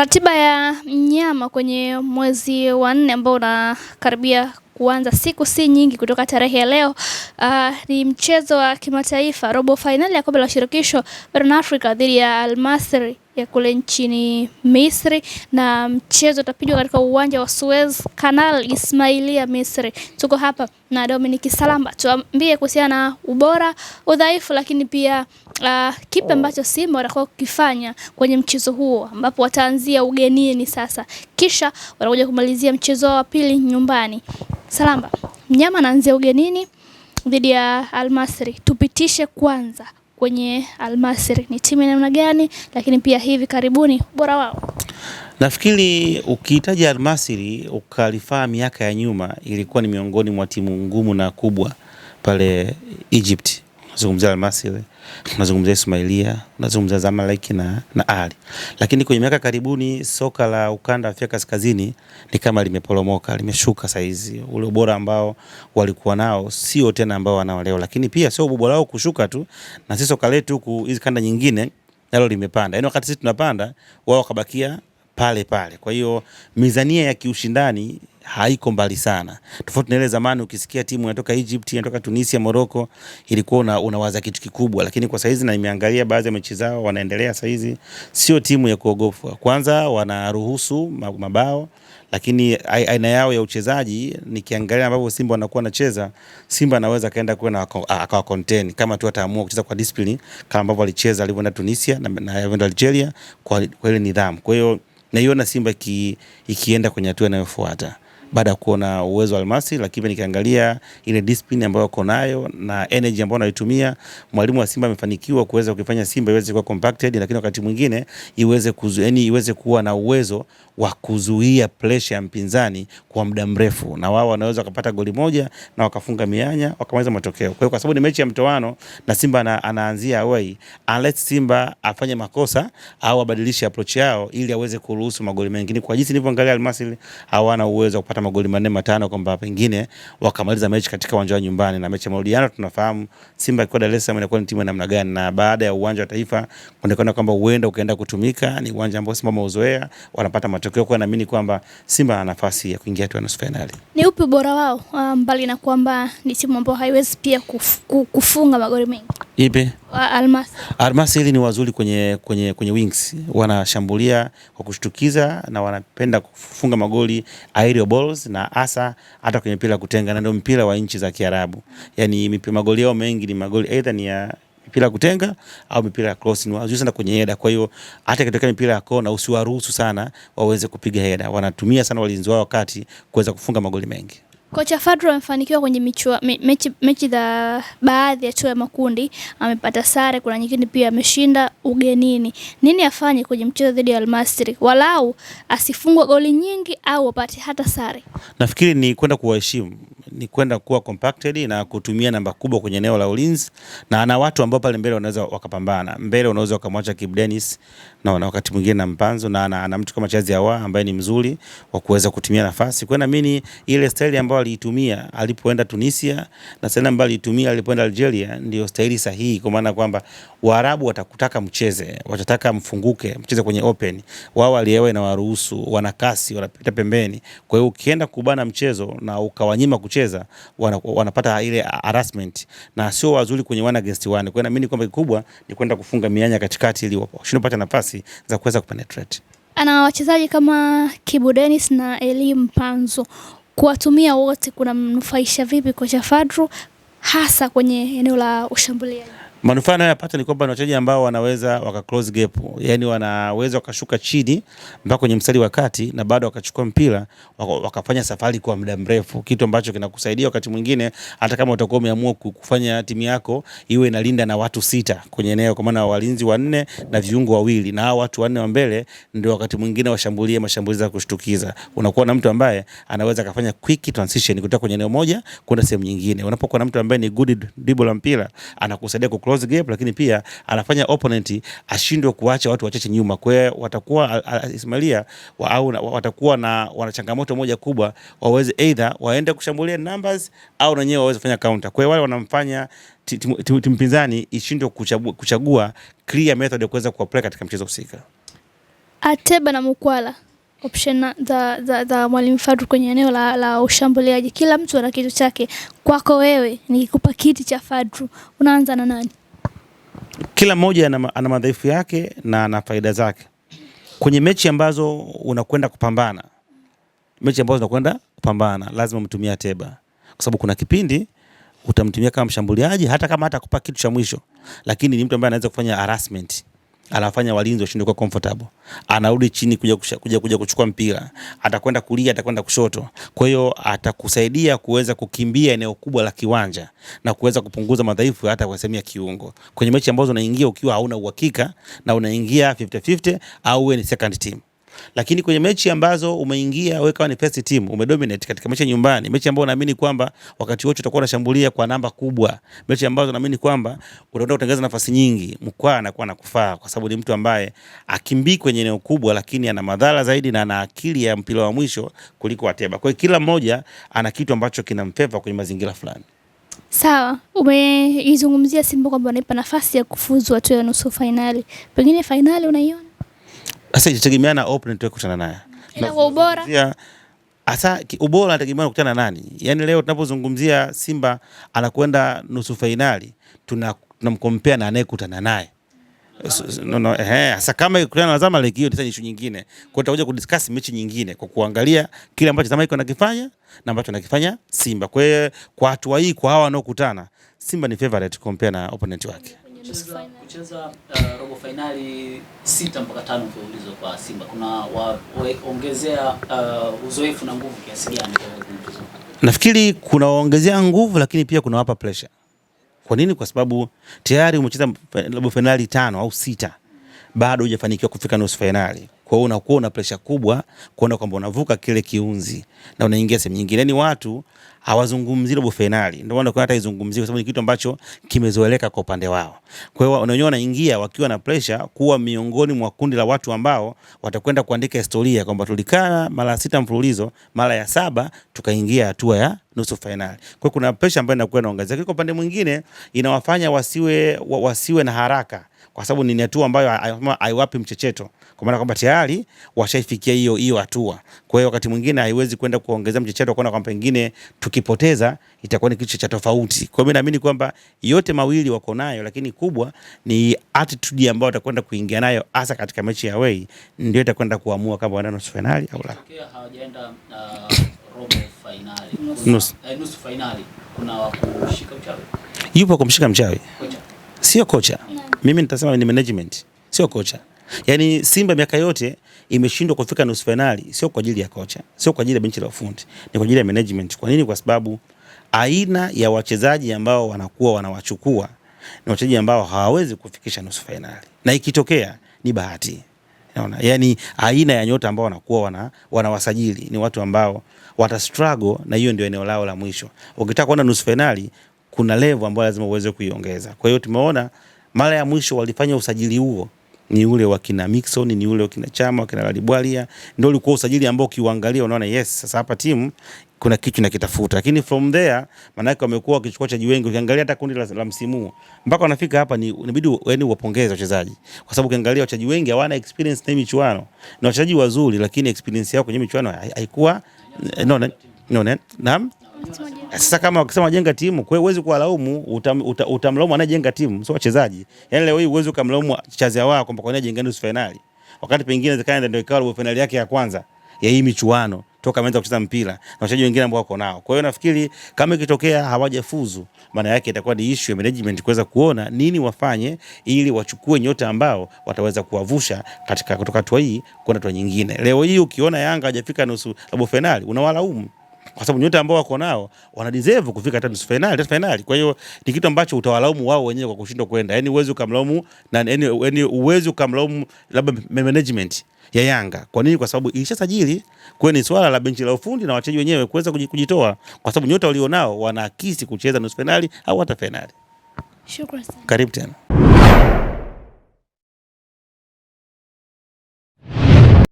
Ratiba ya mnyama kwenye mwezi wa nne ambao unakaribia kuanza siku si nyingi kutoka tarehe ya leo. Uh, ni mchezo wa kimataifa robo fainali ya kombe la shirikisho barani Afrika dhidi ya Al Masry ya kule nchini Misri na mchezo utapigwa katika uwanja wa Suez Canal Ismailia, Misri. Tuko hapa na Dominic Salamba, tuambie kuhusiana na ubora, udhaifu, lakini pia uh, kipi ambacho Simba watakuwa kukifanya kwenye mchezo huo ambapo wataanzia ugenini sasa, kisha watakuja kumalizia mchezo wa pili nyumbani. Salamba, mnyama anaanzia ugenini dhidi ya Almasri, tupitishe kwanza kwenye Almasir ni timu namna gani, lakini pia hivi karibuni ubora wao? Nafikiri ukihitaji almasiri ukalifaa miaka ya nyuma, ilikuwa ni miongoni mwa timu ngumu na kubwa pale Egypt unazungumzia Almasry, unazungumzia Ismailia, unazungumzia Zamalek na, na Ali. Lakini kwenye miaka karibuni soka la ukanda wa Afrika Kaskazini ni kama limeporomoka, limeshuka saizi. Ule ubora ambao walikuwa nao sio tena ambao wanao leo, lakini pia sio ubora wao kushuka tu, na sisi soka letu huku hizi kanda nyingine nalo limepanda, yaani wakati sisi tunapanda wao wakabakia pale pale. Kwa hiyo mizania ya kiushindani haiko mbali sana, tofauti na ile zamani. Ukisikia timu inatoka Egypt, inatoka Tunisia, Morocco, ilikuwa una, unawaza kitu kikubwa, lakini kwa saizi na nimeangalia baadhi ya mechi zao wanaendelea saizi, sio timu ya kuogofwa. Kwanza wanaruhusu mabao, lakini aina yao ya uchezaji nikiangalia ambavyo Simba wanakuwa wanacheza, Simba anaweza kaenda kwenda akawa contain kama tu ataamua kucheza kwa discipline kama ambavyo alicheza alivyoenda Tunisia na, na alivyoenda Algeria kwa, kwa ile nidhamu. Kwa hiyo naiona Simba ikienda kwenye hatua inayofuata baada ya kuona uwezo wa Almasi, lakini nikiangalia ile discipline ambayo wako nayo na energy ambayo unaitumia, mwalimu wa Simba amefanikiwa kuweza kuifanya Simba iweze kuwa compacted, lakini wakati mwingine iweze kuzu, yani iweze kuwa na uwezo wa kuzuia pressure ya mpinzani kwa muda mrefu, na wao wanaweza kupata goli moja na wakafunga mianya wakamaliza matokeo. Kwa hiyo kwa sababu ni mechi ya mtoano na Simba ana, anaanzia away, unless Simba afanye makosa au abadilishe approach yao ili aweze kuruhusu magoli mengine, kwa jinsi nilivyoangalia Almasi hawana uwezo wa kupata kupata magoli manne matano, kwamba pengine wakamaliza mechi katika uwanja wa nyumbani. Na mechi ya marudiano tunafahamu Simba ikiwa Dar es Salaam inakuwa ni timu ya namna gani, na baada ya uwanja wa Taifa kuonekana kwamba uenda ukaenda kutumika, ni uwanja ambao Simba wameuzoea, wanapata matokeo kwa, naamini kwamba Simba ana nafasi ya kuingia tu nusu finali. Ni upi ubora wao ah, mbali na kwamba ni timu ambayo haiwezi pia kufunga magoli mengi? Ipi Almasi. Almasi hili ni wazuri kwenye, kwenye, kwenye wings, wanashambulia kwa kushtukiza na wanapenda kufunga magoli aerial balls na hasa hata kwenye mpira kutenga, na ndio mpira wa nchi za Kiarabu. Yani magoli yao mengi ni magoli either ni ya mipira kutenga au mipira ya cross, ni wazuri sana kwenye heda. Kwa hiyo hata ikitokea mipira ya kona usiwaruhusu sana waweze kupiga heda, wanatumia sana walinzi wao wakati kuweza kufunga magoli mengi. Kocha Fadlu amefanikiwa kwenye michua, mechi, mechi za baadhi ya hatua ya makundi, amepata sare, kuna nyingine pia ameshinda ugenini. Nini afanye kwenye mchezo dhidi ya Almasri? Walau asifungwe goli nyingi au apate hata sare. Nafikiri ni kwenda kuwaheshimu ni kwenda kuwa compacted na kutumia namba kubwa kwenye eneo la ulinzi, na ana watu ambao pale mbele wanaweza wakapambana mbele, unaweza ukamwacha Kibu Denis na na wakati mwingine na Mpanzo, na ana, mtu kama Chazi Awa ambaye ni mzuri wa kuweza kutumia nafasi. Kwa na mimi ile staili ambayo aliitumia alipoenda Tunisia na staili ambayo aliitumia alipoenda Algeria ndio staili sahihi, kwa maana kwamba Waarabu watakutaka mcheze, watataka mfunguke, mcheze kwenye open. Wao waliewe na waruhusu, wana kasi, wanapita pembeni. Kwa hiyo ukienda kubana mchezo na ukawanyima kucheza wanacheza wana, wanapata ile harassment na sio wazuri kwenye one against one. Kwa hiyo naamini kwamba kikubwa ni kwenda kufunga mianya katikati ili washindwe kupata nafasi za kuweza kupenetrate. Ana wachezaji kama Kibu Dennis na Eli mpanzo kuwatumia wote kuna mnufaisha vipi kocha Fadru hasa kwenye eneo la ushambuliaji? Manufaa anayoyapata ni kwamba ni wachezaji ambao wanaweza waka close gap, yani wanaweza wakashuka chini mpaka kwenye mstari wa kati na bado wakachukua mpira wakafanya safari kwa muda mrefu, kitu ambacho kinakusaidia wakati mwingine, hata kama utakuwa umeamua kufanya timu yako iwe inalinda na watu sita kwenye eneo, kwa maana walinzi wanne na viungo wawili, na hao watu wanne wa mbele ndio wakati mwingine washambulie mashambulizi ya kushtukiza. Unakuwa na mtu ambaye anaweza akafanya quick transition kutoka kwenye eneo moja kwenda sehemu nyingine. Unapokuwa na mtu ambaye ni good dribble la mpira, anakusaidia close gap, lakini pia anafanya opponent ashindwe kuacha watu wachache nyuma. Kwa hiyo watakuwa Ismailia wa, au watakuwa na wana changamoto moja kubwa, waweze either waende kushambulia numbers au na wenyewe waweze kufanya counter. Kwa hiyo wale wanamfanya timu pinzani ishindwe kuchagua, kuchagua clear method ya kuweza kuapply katika mchezo husika. Ateba na Mukwala option za, za, za Mwalimu Fadru kwenye eneo la, la ushambuliaji, kila mtu ana kitu chake. Kwako wewe nikikupa kiti cha Fadru unaanza na nani? kila mmoja ana madhaifu yake na ana faida zake. Kwenye mechi ambazo unakwenda kupambana, mechi ambazo unakwenda kupambana, lazima mtumie Ateba, kwa sababu kuna kipindi utamtumia kama mshambuliaji, hata kama hata kupa kitu cha mwisho, lakini ni mtu ambaye anaweza kufanya harassment anafanya walinzi washinde kuwa comfortable, anarudi chini kuja, kuja, kuja kuchukua mpira, atakwenda kulia, atakwenda kushoto. Kwa hiyo atakusaidia kuweza kukimbia eneo kubwa la kiwanja na kuweza kupunguza madhaifu hata kwa sehemu ya kiungo, kwenye mechi ambazo unaingia ukiwa hauna uhakika na unaingia 50-50 au wewe ni second team lakini kwenye mechi ambazo umeingia wewe kama ni first team umedominate katika mechi nyumbani, mechi ambayo unaamini kwamba wakati wote utakuwa unashambulia kwa namba kubwa, mechi ambazo naamini kwamba utaenda kutengeneza nafasi nyingi, mkwa anakuwa anakufaa kwa sababu ni mtu ambaye akimbii kwenye eneo kubwa, lakini ana madhara zaidi na ana akili ya mpira wa mwisho kuliko Ateba. Kwa hiyo kila mmoja ana kitu ambacho kinampepa kwenye mazingira fulani. Sawa, umeizungumzia Simba kwamba wanaipa nafasi ya kufuzu hatua ya nusu fainali, pengine fainali unaiona sasa itategemea na opponent tunayokutana naye. Na kwa ubora. Hata ubora unategemea kukutana nani? Yaani leo tunapozungumzia Simba anakwenda nusu fainali tunamkompea na anayekutana naye. No, no, eh, sasa kama ikutana na Zamalek hiyo ni issue nyingine. Kwa tutakuja kudiscuss mechi nyingine kwa kuangalia kile ambacho Zamalek anakifanya na ambacho anakifanya Simba. Kwa hiyo kwa hatua hii kwa hawa wanaokutana Simba ni favorite compare na opponent wake kucheza, kucheza uh, robo fainali sita mpaka tano mfululizo kwa Simba, kuna waongezea uh, uzoefu na nguvu kiasi gani? Nafikiri kuna waongezea nguvu, lakini pia kuna wapa pressure. Kwa nini? Kwa sababu tayari umecheza robo fainali tano au sita, bado hujafanikiwa kufika nusu fainali. Kwa hiyo unakuwa una presha kubwa kuona kwamba unavuka kile kiunzi na unaingia sehemu nyingine. Ni yaani watu hawazungumzi robo fainali, ndio maana hata izungumzie, kwa sababu ni kitu ambacho kimezoeleka kwa upande wao. Kwa hiyo wenyewe wanaingia wakiwa na presha kuwa miongoni mwa kundi la watu ambao watakwenda kuandika historia kwamba tulikaa mara sita mfululizo, mara ya saba tukaingia hatua ya nusu fainali. Kwa hiyo kuna presha ambayo inakuwa inaongezeka, lakini kwa upande mwingine inawafanya wasiwe, wasiwe na haraka kwa sababu ni hatua ambayo haiwapi mchecheto kwa maana kwamba tayari washaifikia hiyo hiyo hatua. Kwa hiyo wakati mwingine haiwezi kwenda kuongeza mchecheto kuona kwamba pengine tukipoteza itakuwa ni kitu cha tofauti. Kwa hiyo mimi naamini kwamba yote mawili wako nayo, lakini kubwa ni attitude ambayo watakwenda kuingia nayo hasa katika mechi ya away ndio itakwenda kuamua kama wanaenda nusu finali au la. Hawajaenda uh, robo finali. Nusu eh, finali. Kuna mchawi. Yupo kumshika mchawi. Sio kocha. Mimi nitasema ni management, sio kocha. Yaani Simba miaka yote imeshindwa kufika nusu fainali sio kwa ajili ya kocha, sio kwa ajili ya benchi la ufundi, ni kwa ajili ya management. Kwa nini? Kwa sababu aina ya wachezaji ambao wanakuwa wanawachukua ni wachezaji ambao hawawezi kufikisha nusu fainali na ikitokea ni bahati. Unaona, yani aina ya nyota ambao wanakuwa wana, wanawasajili ni watu ambao wata struggle na hiyo ndio eneo lao la mwisho. Ukitaka kwenda nusu fainali kuna level ambayo lazima uweze kuiongeza. Kwa hiyo tumeona mara ya mwisho walifanya usajili huo ni ule wa kina Mixon, ni ule wa kina Chama, wa kina Lalibwalia, ndio ulikuwa usajili ambao ukiuangalia unaona yes, sasa hapa timu kuna kitu nakitafuta, lakini from there maanake wamekuwa wakichukua wachezaji wengi. Ukiangalia hata kundi la, la msimu mpaka wanafika hapa, ni inabidi yani uwapongeze wachezaji, kwa sababu ukiangalia wachezaji wengi hawana experience na michuano, na wachezaji wazuri, lakini experience yao kwenye michuano haikuwa eh, no, no, no, no, no, sasa kama wakisema jenga timu, kwa hiyo huwezi kuwalaumu, utamlaumu utam, utam anayejenga timu, sio wachezaji. Yaani leo hii huwezi ukamlaumu wao kwamba kwa nini ajenga nusu finali, wakati pengine zikaenda ndio ikawa robo finali yake ya kwanza ya hii michuano toka ameanza kucheza mpira na wachezaji wengine ambao wako nao. Kwa hiyo nafikiri kama ikitokea hawajafuzu, maana yake itakuwa ni issue ya management kuweza kuona nini wafanye ili wachukue nyota ambao wataweza kuwavusha katika kutoka hatua hii kwenda hatua nyingine. Leo hii ukiona Yanga hajafika nusu robo finali, unawalaumu kwa sababu nyota ambao wako nao wana deserve kufika hata nusu finali, hata finali. Kwa hiyo ni kitu ambacho utawalaumu wao wenyewe kwa kushindwa kwenda, yani uwezi ukamlaumu na yani yaani, uwezi ukamlaumu labda management ya Yanga. Kwa nini? Kwa sababu ilishasajili. Kwa ni swala la benchi la ufundi na wachezaji wenyewe kuweza kujitoa, kwa sababu nyota walionao wanaakisi kucheza nusu finali au hata finali. Shukrani, karibu tena.